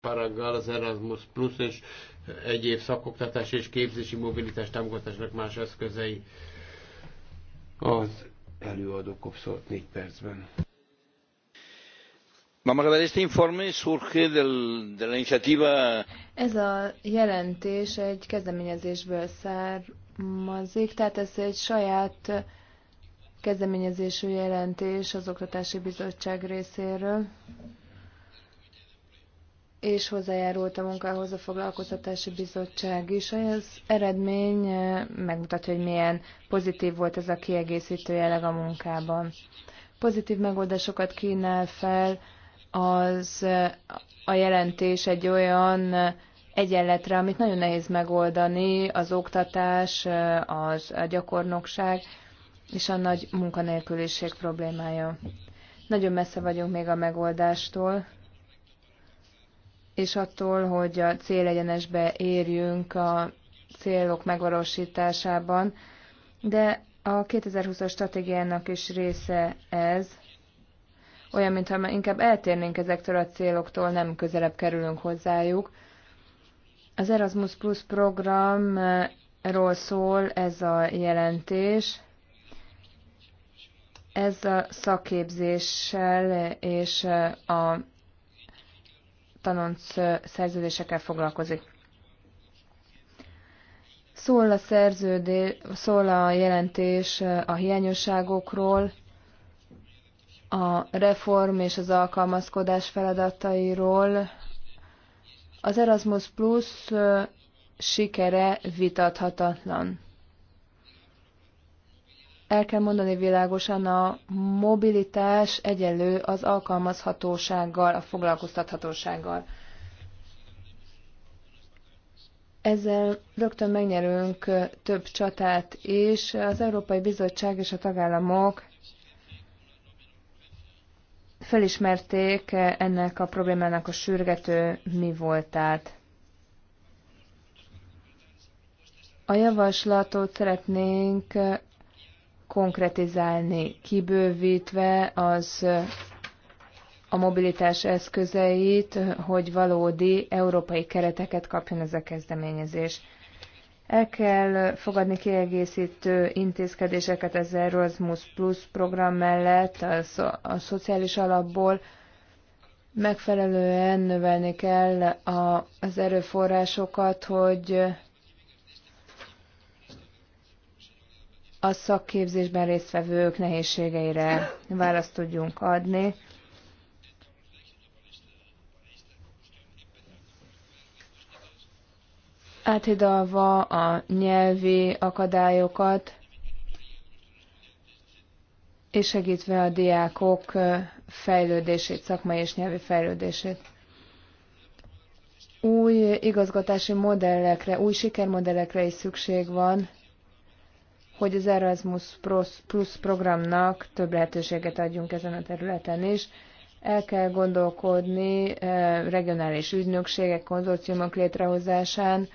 paraggal az Erasmus Plus és egyéb szakoktatás és képzési mobilitás támogatásnak más eszközei. Az előadó kopszolt négy percben. Ez a jelentés egy kezdeményezésből származik, tehát ez egy saját kezdeményezésű jelentés az Oktatási Bizottság részéről és hozzájárult a munkához a Foglalkoztatási Bizottság is. Ez eredmény eh, megmutatja, hogy milyen pozitív volt ez a kiegészítő jelleg a munkában. Pozitív megoldásokat kínál fel az eh, a jelentés egy olyan eh, egyenletre, amit nagyon nehéz megoldani, az oktatás, az, a gyakornokság és a nagy munkanélküliség problémája. Nagyon messze vagyunk még a megoldástól, és attól, hogy a célegyenesbe érjünk a célok megvalósításában, de a 2020-as stratégiának is része ez, olyan, mintha inkább eltérnénk ezektől a céloktól, nem közelebb kerülünk hozzájuk. Az Erasmus Plus programról szól ez a jelentés. Ez a szakképzéssel és a tanonc szerződésekkel foglalkozik. Szól a szerződés, szól a jelentés a hiányosságokról, a reform és az alkalmazkodás feladatairól. Az Erasmus Plus sikere vitathatatlan el kell mondani világosan, a mobilitás egyenlő az alkalmazhatósággal, a foglalkoztathatósággal. Ezzel rögtön megnyerünk több csatát is. Az Európai Bizottság és a tagállamok felismerték ennek a problémának a sürgető mi voltát. A javaslatot szeretnénk konkretizálni, kibővítve az a mobilitás eszközeit, hogy valódi európai kereteket kapjon ez a kezdeményezés. El kell fogadni kiegészítő intézkedéseket az Erasmus Plus program mellett, a, szo a szociális alapból, megfelelően növelni kell a, az erőforrásokat, hogy a szakképzésben résztvevők nehézségeire választ tudjunk adni. áthidalva a nyelvi akadályokat, és segítve a diákok fejlődését, szakmai és nyelvi fejlődését. Új igazgatási modellekre, új sikermodellekre is szükség van, hogy az Erasmus Plus programnak több lehetőséget adjunk ezen a területen is. El kell gondolkodni eh, regionális ügynökségek, konzorciumok létrehozásán,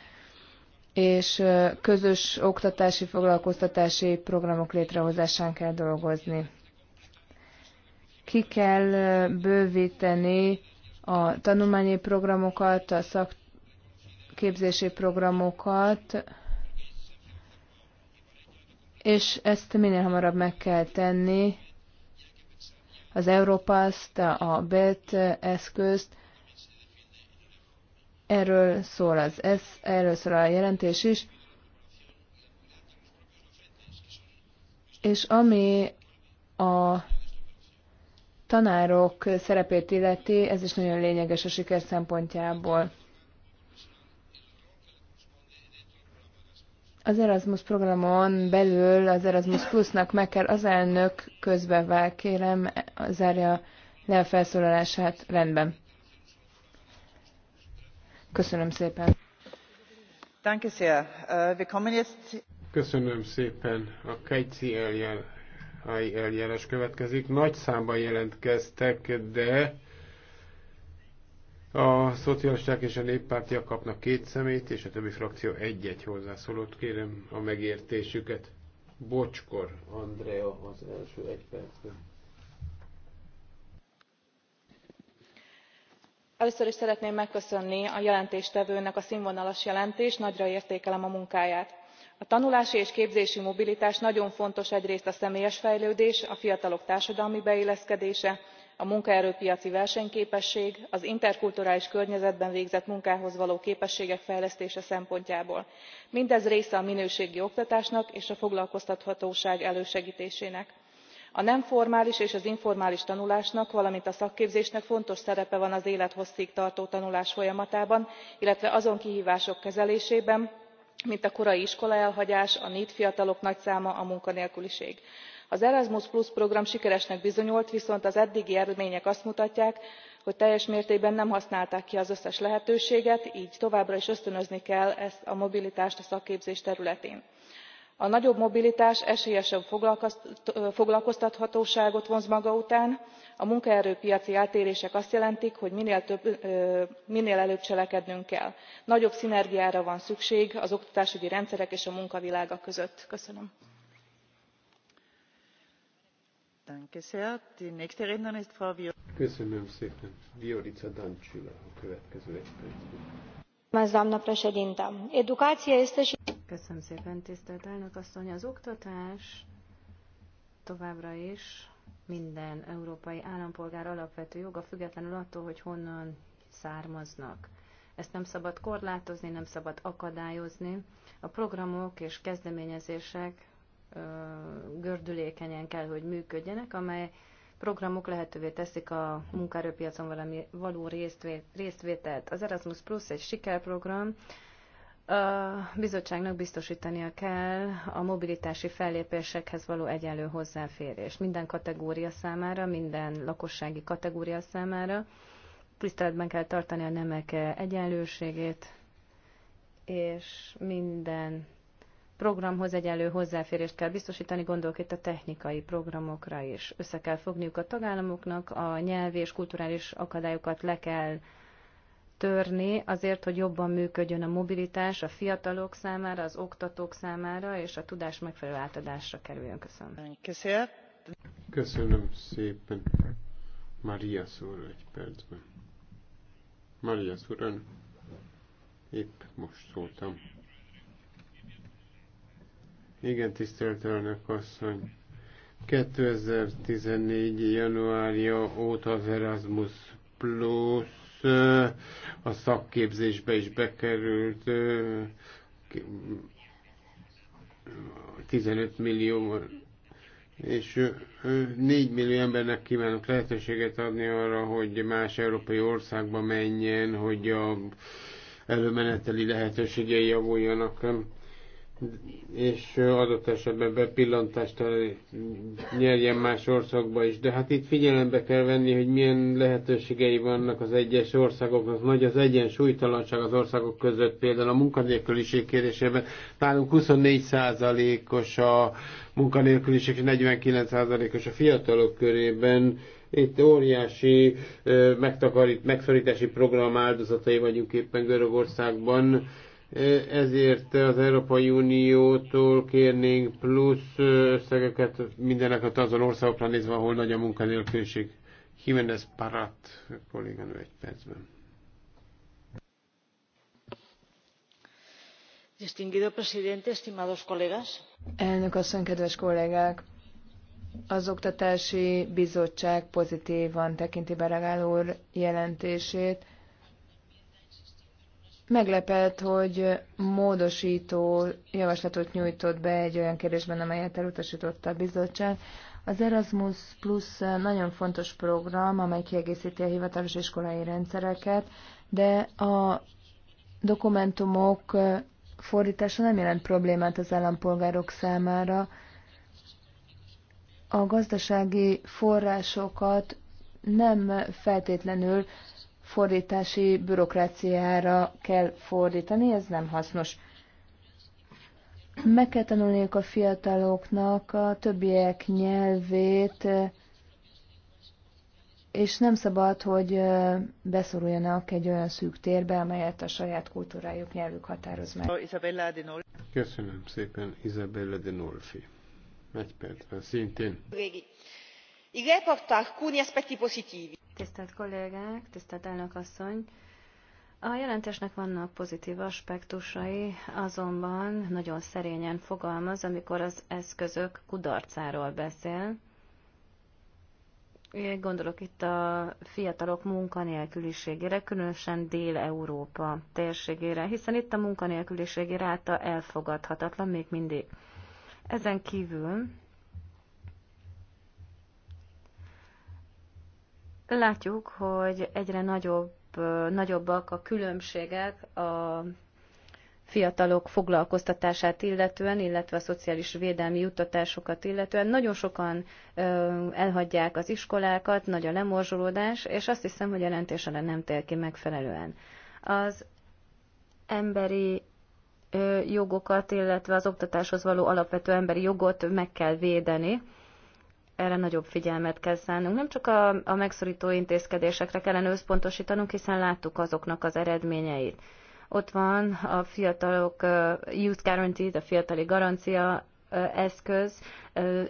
és eh, közös oktatási, foglalkoztatási programok létrehozásán kell dolgozni. Ki kell eh, bővíteni a tanulmányi programokat, a szakképzési programokat, és ezt minél hamarabb meg kell tenni, az Európaszt, a BET eszközt, erről szól, az, ez, erről szól a jelentés is, és ami a tanárok szerepét illeti, ez is nagyon lényeges a siker szempontjából. az Erasmus programon belül az Erasmus Plusnak meg kell az elnök közbevág, kérem, zárja le a felszólalását. Rendben. Köszönöm szépen. Äh, Köszönöm szépen. A Kejci eljárás következik. Nagy számban jelentkeztek, de a szocialisták és a néppártiak kapnak két szemét, és a többi frakció egy-egy hozzászólót. Kérem a megértésüket. Bocskor Andrea az első egy percben. Először is szeretném megköszönni a jelentéstevőnek a színvonalas jelentést, nagyra értékelem a munkáját. A tanulási és képzési mobilitás nagyon fontos egyrészt a személyes fejlődés, a fiatalok társadalmi beilleszkedése, a munkaerőpiaci versenyképesség az interkulturális környezetben végzett munkához való képességek fejlesztése szempontjából mindez része a minőségi oktatásnak és a foglalkoztathatóság elősegtésének. a nem formális és az informális tanulásnak valamint a szakképzésnek fontos szerepe van az élet hosszig tartó tanulás folyamatában illetve azon kihvások kezelésében mint a korai iskolaelhagyás a neet fiatalok nagy száma a munkanélküliség az erasmus program sikeresnek bizonyult viszont az eddigi eredmények azt mutatják hogy teljes mértékben nem használták ki az összes lehetőséget gy továbbra is ösztönözni kell a mobilitást a szakképzés területén. a nagyobb mobilitás esélyesebb foglalkoztathatóságot vonz maga után a munkaerőpiaci eltérések azt jelentik hogy minél előbb cselekednünk kell nagyobb szinergiára van szükség az oktatásügyi rendszerek és a munkavilága között. köszönöm. Köszönöm szépen. a következő Köszönöm szépen, tisztelt elnök asszony. Az oktatás továbbra is minden európai állampolgár alapvető joga, függetlenül attól, hogy honnan származnak. Ezt nem szabad korlátozni, nem szabad akadályozni. A programok és kezdeményezések gördülékenyen kell, hogy működjenek, amely programok lehetővé teszik a munkaerőpiacon valami való résztvételt. Az Erasmus Plus egy sikerprogram, a bizottságnak biztosítania kell a mobilitási fellépésekhez való egyenlő hozzáférés minden kategória számára, minden lakossági kategória számára. Tiszteletben kell tartani a nemek egyenlőségét, és minden programhoz egyenlő hozzáférést kell biztosítani, gondolok itt a technikai programokra is. Össze kell fogniuk a tagállamoknak, a nyelvi és kulturális akadályokat le kell törni azért, hogy jobban működjön a mobilitás a fiatalok számára, az oktatók számára, és a tudás megfelelő átadásra kerüljön. Köszönöm. Köszönöm, szépen. Maria szól egy percben. Maria szóra, épp most szóltam. Igen, tisztelt elnök asszony. 2014. januárja óta az Erasmus Plus a szakképzésbe is bekerült 15 millió és 4 millió embernek kívánok lehetőséget adni arra, hogy más európai országba menjen, hogy a előmeneteli lehetőségei javuljanak és adott esetben bepillantást nyerjen más országba is. De hát itt figyelembe kell venni, hogy milyen lehetőségei vannak az egyes országoknak. Nagy az egyensúlytalanság az országok között, például a munkanélküliség kérdésében. Nálunk 24 százalékos a munkanélküliség, és 49 százalékos a fiatalok körében. Itt óriási megtakarít, megszorítási program áldozatai vagyunk éppen Görögországban ezért az Európai Uniótól kérnénk plusz összegeket mindenek azon országokra nézve, ahol nagy a munkanélküliség. Jiménez Parat kolléganő egy percben. Distinguido presidente, estimados colegas. Elnök asszony, kedves kollégák! Az Oktatási Bizottság pozitívan tekinti Beregál úr jelentését, Meglepett, hogy módosító javaslatot nyújtott be egy olyan kérdésben, amelyet elutasította a bizottság. Az Erasmus Plus nagyon fontos program, amely kiegészíti a hivatalos iskolai rendszereket, de a dokumentumok fordítása nem jelent problémát az állampolgárok számára. A gazdasági forrásokat nem feltétlenül fordítási bürokráciára kell fordítani, ez nem hasznos. Meg kell tanulniuk a fiataloknak a többiek nyelvét, és nem szabad, hogy beszoruljanak egy olyan szűk térbe, amelyet a saját kultúrájuk nyelvük határoz meg. Köszönöm szépen, Isabella de Nolfi. Egy percben szintén. Régi. Tisztelt kollégák, tisztelt elnök asszony! A jelentésnek vannak pozitív aspektusai, azonban nagyon szerényen fogalmaz, amikor az eszközök kudarcáról beszél. Én gondolok itt a fiatalok munkanélküliségére, különösen Dél-Európa térségére, hiszen itt a munkanélküliségi ráta elfogadhatatlan még mindig. Ezen kívül Látjuk, hogy egyre nagyobb, nagyobbak a különbségek a fiatalok foglalkoztatását illetően, illetve a szociális védelmi juttatásokat illetően. Nagyon sokan ö, elhagyják az iskolákat, nagy a lemorzsolódás, és azt hiszem, hogy jelentésre nem tér ki megfelelően. Az emberi ö, jogokat, illetve az oktatáshoz való alapvető emberi jogot meg kell védeni erre nagyobb figyelmet kell szánnunk. Nem csak a, a megszorító intézkedésekre kellene összpontosítanunk, hiszen láttuk azoknak az eredményeit. Ott van a fiatalok Youth Guarantee, a fiatali garancia eszköz,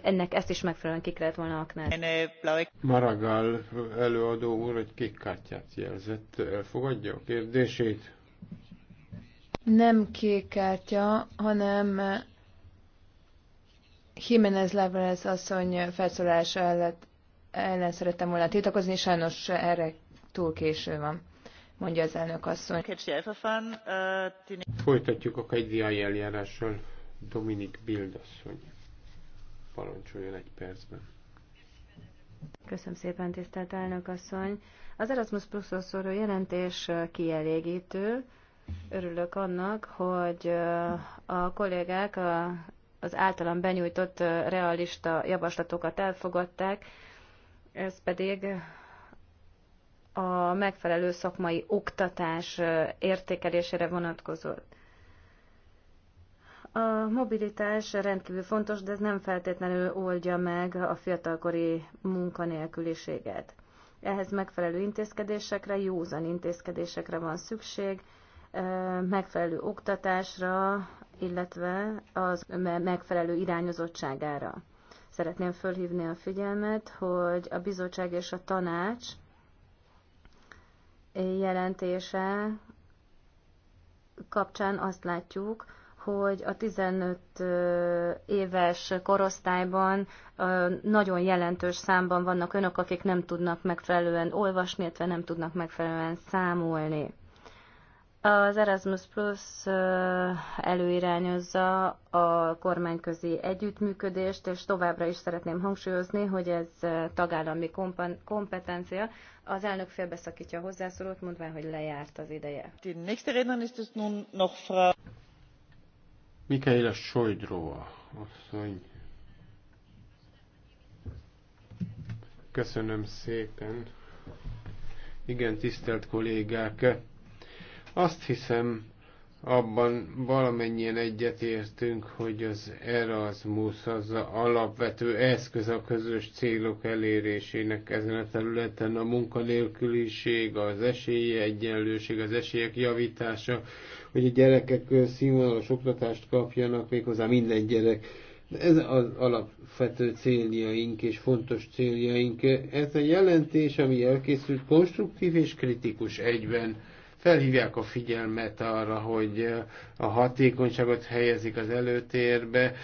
ennek ezt is megfelelően kik lehet volna aknál. Maragall előadó úr egy kék kártyát jelzett. Elfogadja a kérdését? Nem kék kártya, hanem Jiménez Lábrez asszony felszólása ellen, szerettem volna tiltakozni, sajnos erre túl késő van, mondja az elnök asszony. Folytatjuk a kegyviai eljárással. Dominik Bild asszony. Parancsoljon egy percben. Köszönöm szépen, tisztelt elnök asszony. Az Erasmus plus jelentés kielégítő. Örülök annak, hogy a kollégák a az általam benyújtott realista javaslatokat elfogadták, ez pedig a megfelelő szakmai oktatás értékelésére vonatkozott. A mobilitás rendkívül fontos, de ez nem feltétlenül oldja meg a fiatalkori munkanélküliséget. Ehhez megfelelő intézkedésekre, józan intézkedésekre van szükség, megfelelő oktatásra, illetve az megfelelő irányozottságára. Szeretném fölhívni a figyelmet, hogy a bizottság és a tanács jelentése kapcsán azt látjuk, hogy a 15 éves korosztályban nagyon jelentős számban vannak önök, akik nem tudnak megfelelően olvasni, illetve nem tudnak megfelelően számolni. Az Erasmus Plus előirányozza a kormányközi együttműködést, és továbbra is szeretném hangsúlyozni, hogy ez tagállami kompetencia. Az elnök félbeszakítja a hozzászólót, mondván, hogy lejárt az ideje. Mikaela Sojdrova, asszony. Köszönöm szépen. Igen, tisztelt kollégák, azt hiszem, abban valamennyien egyetértünk, hogy az Erasmus az alapvető eszköz a közös célok elérésének ezen a területen, a munkanélküliség, az esélye, egyenlőség, az esélyek javítása, hogy a gyerekek színvonalas oktatást kapjanak, méghozzá minden gyerek. Ez az alapvető céljaink és fontos céljaink. Ez a jelentés, ami elkészült, konstruktív és kritikus egyben felhívják a figyelmet arra, hogy a hatékonyságot helyezik az előtérbe,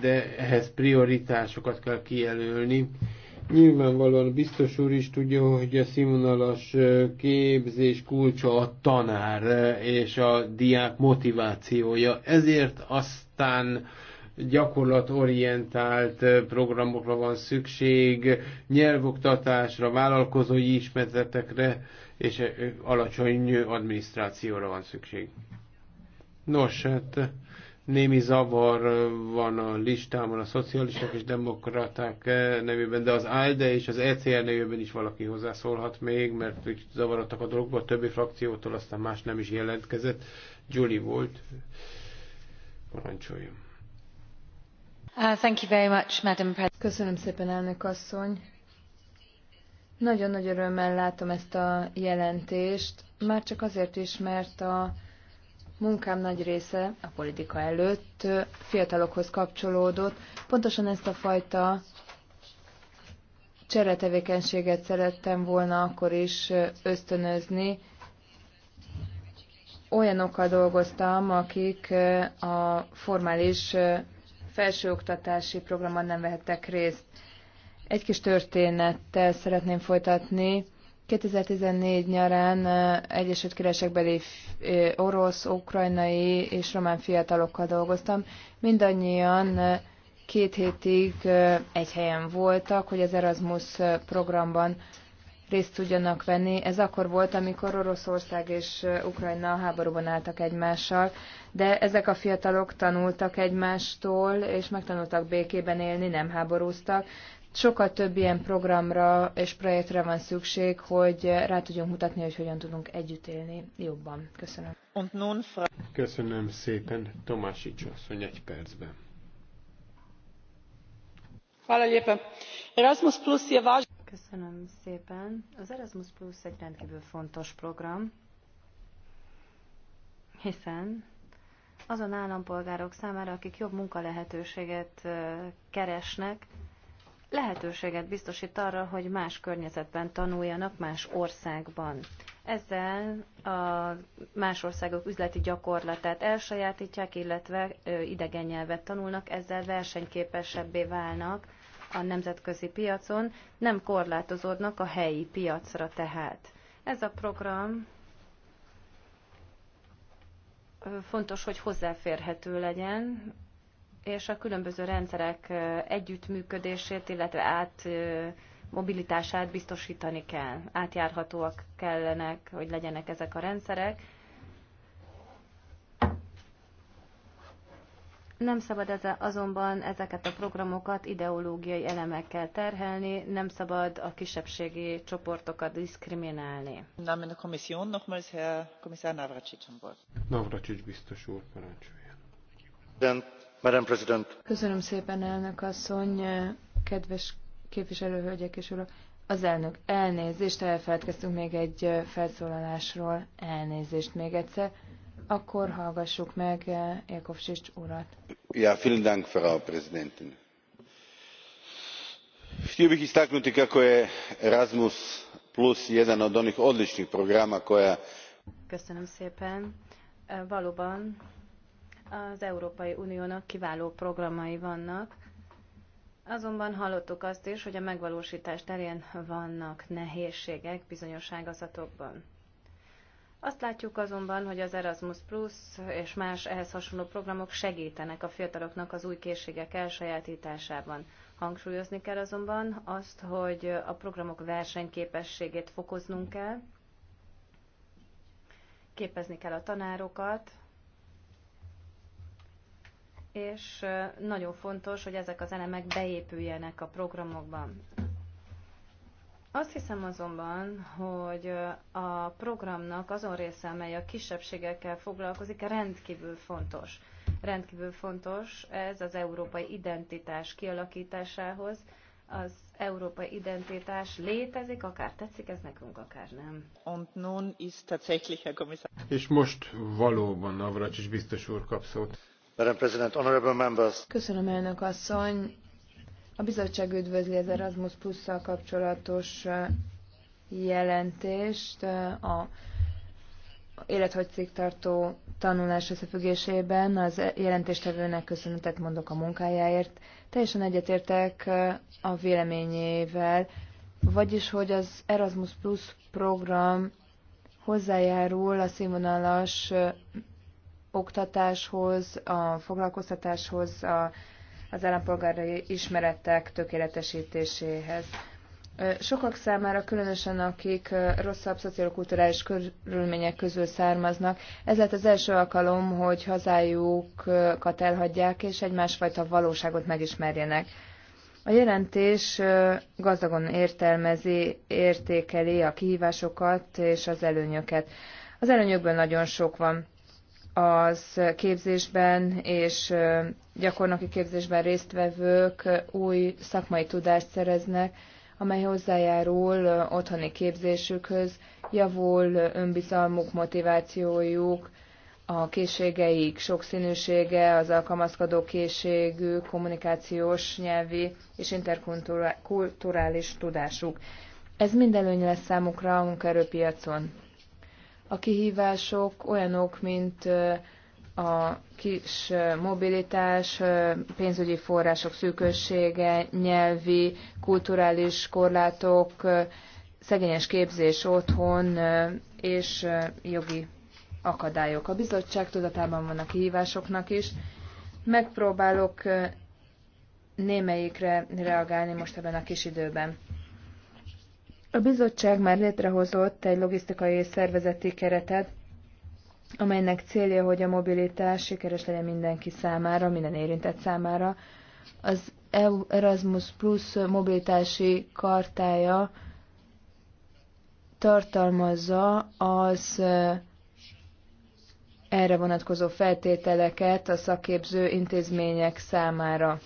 de ehhez prioritásokat kell kijelölni. Nyilvánvalóan biztos úr is tudja, hogy a színvonalas képzés kulcsa a tanár és a diák motivációja. Ezért aztán gyakorlatorientált programokra van szükség, nyelvoktatásra, vállalkozói ismeretekre, és alacsony adminisztrációra van szükség. Nos, hát némi zavar van a listámon a szocialisták és demokraták nevében, de az ALDE és az ECR nevében is valaki hozzászólhat még, mert zavarodtak a dologba, a többi frakciótól aztán más nem is jelentkezett. Julie volt. Parancsoljon. Uh, thank you very much, Madam President. Köszönöm szépen, elnök asszony nagyon nagy örömmel látom ezt a jelentést, már csak azért is, mert a munkám nagy része a politika előtt fiatalokhoz kapcsolódott. Pontosan ezt a fajta cseretevékenységet szerettem volna akkor is ösztönözni. Olyanokkal dolgoztam, akik a formális felsőoktatási programban nem vehettek részt. Egy kis történettel szeretném folytatni. 2014 nyarán Egyesült Királyságbeli orosz, ukrajnai és román fiatalokkal dolgoztam. Mindannyian két hétig egy helyen voltak, hogy az Erasmus programban részt tudjanak venni. Ez akkor volt, amikor Oroszország és Ukrajna háborúban álltak egymással, de ezek a fiatalok tanultak egymástól, és megtanultak békében élni, nem háborúztak sokkal több ilyen programra és projektre van szükség, hogy rá tudjunk mutatni, hogy hogyan tudunk együtt élni jobban. Köszönöm. Köszönöm szépen. Tomásics asszony egy percben. Erasmus Plus je váž... Köszönöm szépen. Az Erasmus Plus egy rendkívül fontos program, hiszen azon állampolgárok számára, akik jobb munkalehetőséget keresnek, lehetőséget biztosít arra, hogy más környezetben tanuljanak, más országban. Ezzel a más országok üzleti gyakorlatát elsajátítják, illetve idegen nyelvet tanulnak, ezzel versenyképesebbé válnak a nemzetközi piacon, nem korlátozódnak a helyi piacra tehát. Ez a program fontos, hogy hozzáférhető legyen és a különböző rendszerek együttműködését, illetve át mobilitását biztosítani kell. Átjárhatóak kellenek, hogy legyenek ezek a rendszerek. Nem szabad ez, azonban ezeket a programokat ideológiai elemekkel terhelni, nem szabad a kisebbségi csoportokat diszkriminálni. a Navracsics biztos úr, parancsoljon elnök asszony, kedves képviselőhölgyek és urak. Az elnök, elnézést, elfeledkeztünk még egy felszólalásról, elnézést még egyszer. Akkor hallgassuk meg eh, Jakovsics urat. Htio bih istaknuti kako je Erasmus plus jedan od onih odlinih programa koja... Köszönöm szépen. Eh, valóban az Európai Uniónak kiváló programai vannak, azonban hallottuk azt is, hogy a megvalósítás terén vannak nehézségek bizonyos ágazatokban. Azt látjuk azonban, hogy az Erasmus Plus és más ehhez hasonló programok segítenek a fiataloknak az új készségek elsajátításában. Hangsúlyozni kell azonban azt, hogy a programok versenyképességét fokoznunk kell, képezni kell a tanárokat, és nagyon fontos, hogy ezek az elemek beépüljenek a programokban. Azt hiszem azonban, hogy a programnak azon része, amely a kisebbségekkel foglalkozik, rendkívül fontos. Rendkívül fontos ez az európai identitás kialakításához. Az európai identitás létezik, akár tetszik ez nekünk, akár nem. Und nun ist tatsächlich, Herr Kommissar. És most valóban Navracsics biztos úr kap szót. Köszönöm, A bizottság üdvözli az Erasmus Plus-szal kapcsolatos jelentést a élethosszígtartó tanulás összefüggésében. Az e- jelentéstevőnek köszönetet mondok a munkájáért. Teljesen egyetértek a véleményével, vagyis, hogy az Erasmus Plus program hozzájárul a sznvonalas oktatáshoz, a foglalkoztatáshoz, a, az állampolgári ismeretek tökéletesítéséhez. Sokak számára, különösen akik rosszabb szociokulturális körülmények közül származnak, ez lett az első alkalom, hogy hazájukat elhagyják, és egy másfajta valóságot megismerjenek. A jelentés gazdagon értelmezi, értékeli a kihívásokat és az előnyöket. Az előnyökből nagyon sok van az képzésben és gyakornoki képzésben résztvevők új szakmai tudást szereznek, amely hozzájárul otthoni képzésükhöz, javul önbizalmuk, motivációjuk, a készségeik sokszínűsége, az alkalmazkodó készségű, kommunikációs, nyelvi és interkulturális tudásuk. Ez mind előny lesz számukra a munkaerőpiacon. A kihívások olyanok, mint a kis mobilitás, pénzügyi források szűkössége, nyelvi, kulturális korlátok, szegényes képzés otthon és jogi akadályok. A bizottság tudatában van a kihívásoknak is. Megpróbálok némelyikre reagálni most ebben a kis időben. A bizottság már létrehozott egy logisztikai és szervezeti keretet, amelynek célja, hogy a mobilitás sikeres legyen mindenki számára, minden érintett számára. Az e Erasmus Plus mobilitási kartája tartalmazza az erre vonatkozó feltételeket a szakképző intézmények számára.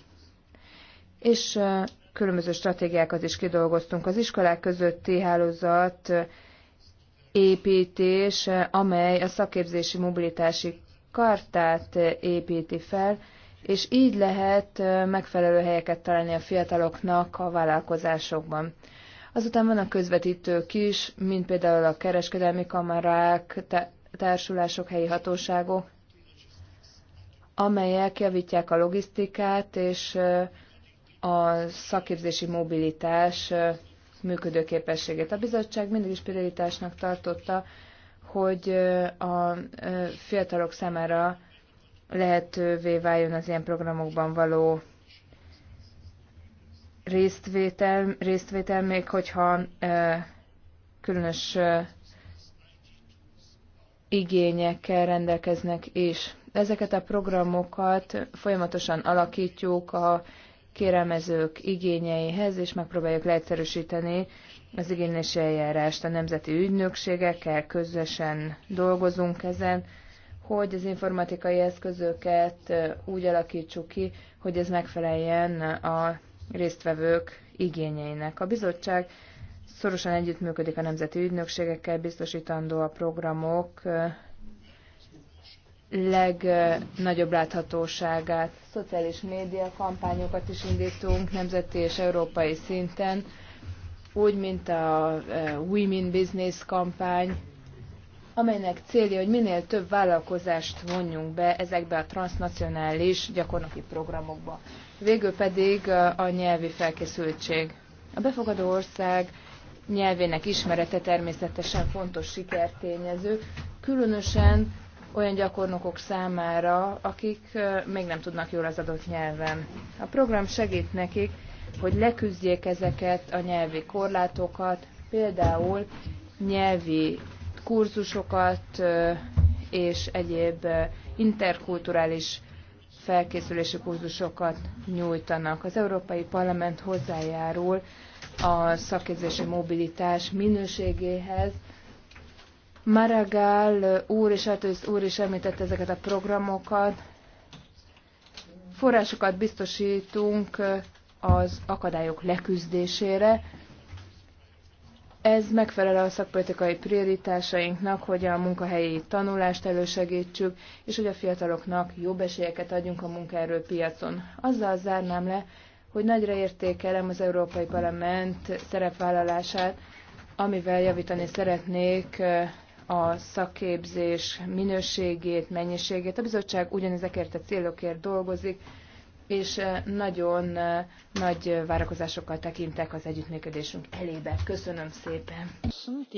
És különböző stratégiákat is kidolgoztunk. Az iskolák közötti hálózat építés, amely a szakképzési mobilitási kartát építi fel, és így lehet megfelelő helyeket találni a fiataloknak a vállalkozásokban. Azután a közvetítők is, mint például a kereskedelmi kamarák, társulások, helyi hatóságok, amelyek javítják a logisztikát, és a szakképzési mobilitás működőképességét. A bizottság mindig is prioritásnak tartotta, hogy a fiatalok számára lehetővé váljon az ilyen programokban való résztvétel, résztvétel még hogyha különös igényekkel rendelkeznek is. Ezeket a programokat folyamatosan alakítjuk, a kérelmezők igényeihez, és megpróbáljuk leegyszerűsíteni az igénylési eljárást. A nemzeti ügynökségekkel közösen dolgozunk ezen, hogy az informatikai eszközöket úgy alakítsuk ki, hogy ez megfeleljen a résztvevők igényeinek. A bizottság szorosan együttműködik a nemzeti ügynökségekkel, biztosítandó a programok legnagyobb láthatóságát. Szociális média kampányokat is indítunk nemzeti és európai szinten, úgy, mint a e, Women Business kampány, amelynek célja, hogy minél több vállalkozást vonjunk be ezekbe a transnacionális gyakornoki programokba. Végül pedig e, a nyelvi felkészültség. A befogadó ország nyelvének ismerete természetesen fontos sikertényező, különösen olyan gyakornokok számára, akik még nem tudnak jól az adott nyelven. A program segít nekik, hogy leküzdjék ezeket a nyelvi korlátokat, például nyelvi kurzusokat és egyéb interkulturális felkészülési kurzusokat nyújtanak. Az Európai Parlament hozzájárul a szakképzési mobilitás minőségéhez, Maragall úr és Ertősz úr is említette ezeket a programokat. Forrásokat biztosítunk az akadályok leküzdésére. Ez megfelel a szakpolitikai prioritásainknak, hogy a munkahelyi tanulást elősegítsük, és hogy a fiataloknak jobb esélyeket adjunk a munkaerőpiacon. Azzal zárnám le, hogy nagyra értékelem az Európai Parlament szerepvállalását, amivel javítani szeretnék a szakképzés minőségét, mennyiségét. A bizottság ugyanezekért a célokért dolgozik, és eh, nagyon eh, nagy várakozásokkal tekintek az együttműködésünk elébe. Köszönöm szépen!